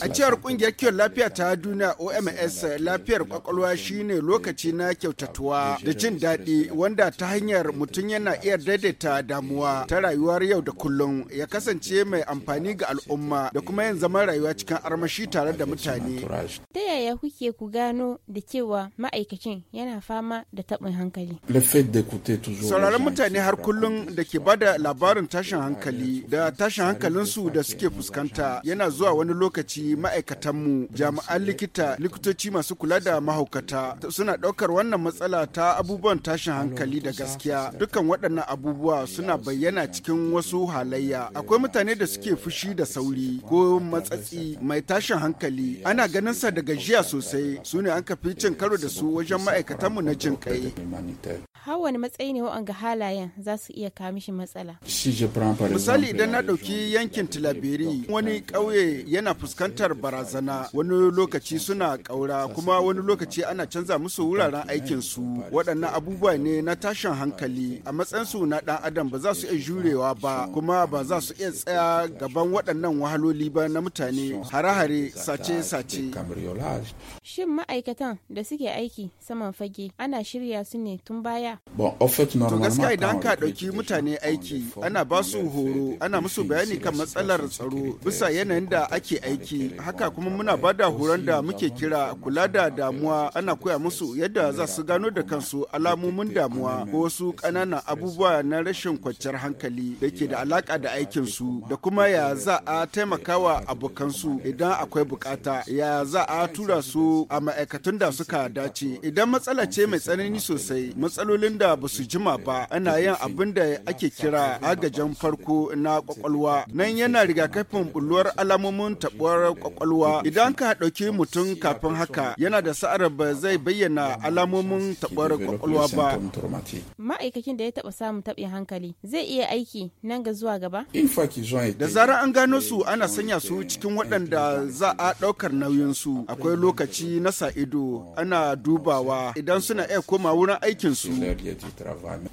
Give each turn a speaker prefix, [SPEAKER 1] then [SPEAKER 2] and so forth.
[SPEAKER 1] A cewar kungiyar kiwon lafiya ta duniya OMS lafiyar kwakwalwa shine lokaci na kyautatuwa da jin daɗi wanda ta hanyar mutum yana iya daidaita damuwa ta rayuwar yau da kullum ya kasance mai amfani ga al'umma da kuma yin zaman rayuwa cikin armashi tare da mutane.
[SPEAKER 2] yaya kuke ku gano da cewa ma'aikacin yana fama da taɓin hankali?
[SPEAKER 1] Sauraron mutane har kullum da ke bada labarin tashin hankali da tashin hankalinsu da suke fuskanta yana zuwa wani lokaci ma'aikatanmu jami'an likita likitoci masu kula da mahaukata suna ɗaukar wannan matsala ta abubuwan tashin hankali da gaskiya dukkan waɗannan abubuwa suna bayyana cikin wasu halayya akwai mutane da suke fushi da sauri ko matsatsi mai tashin hankali ana ganin sa daga jiya sosai su ne an kafi cin karo da su wajen ma'aikatanmu na jin kai
[SPEAKER 2] har wani matsayi ne wa'anga halayen za su iya kawo shi matsala.
[SPEAKER 1] Misali idan na ɗauki yankin tilabiri wani ƙauye yana fuskantar barazana wani lokaci suna ƙaura kuma wani lokaci ana canza musu wuraren aikin su waɗannan abubuwa ne na tashin hankali a matsayinsu na ɗan adam ba za su iya jurewa ba kuma ba za su iya tsaya gaban waɗannan wahaloli ba na mutane hare-hare sace-sace.
[SPEAKER 2] Shin ma'aikatan da suke aiki saman fage ana shirya su ne tun baya
[SPEAKER 1] gaskiya idan ka ɗauki mutane aiki ana ba su horo ana musu bayani kan matsalar tsaro bisa yanayin da ake aiki haka kuma muna ba da horon da muke kira kula da damuwa ana koya musu yadda za su gano da kansu alamomin damuwa ko wasu ƙananan abubuwa na rashin kwanciyar hankali da ke da alaƙa da aikinsu da kuma ya za a taimaka taimakawa abokansu idan akwai bukata ya za a tura su a ma'aikatan da suka dace idan matsala ce mai tsanani sosai matsalolin abin da ba su jima ba ana yin abin da ake kira agajin farko na kwakwalwa nan yana rigakafin bulwar alamomin tabuwar kwakwalwa idan ka ɗauki mutum kafin haka yana da sa'ar ba zai bayyana alamomin tabuwar kwakwalwa ba
[SPEAKER 2] ma'aikacin da ya taɓa samun taɓin hankali zai iya aiki nan ga zuwa gaba
[SPEAKER 1] da zarar an gano su ana sanya su cikin waɗanda za a ɗaukar nauyin su akwai lokaci na sa ido ana dubawa idan suna iya koma wurin aikin su melhoria de trabalho.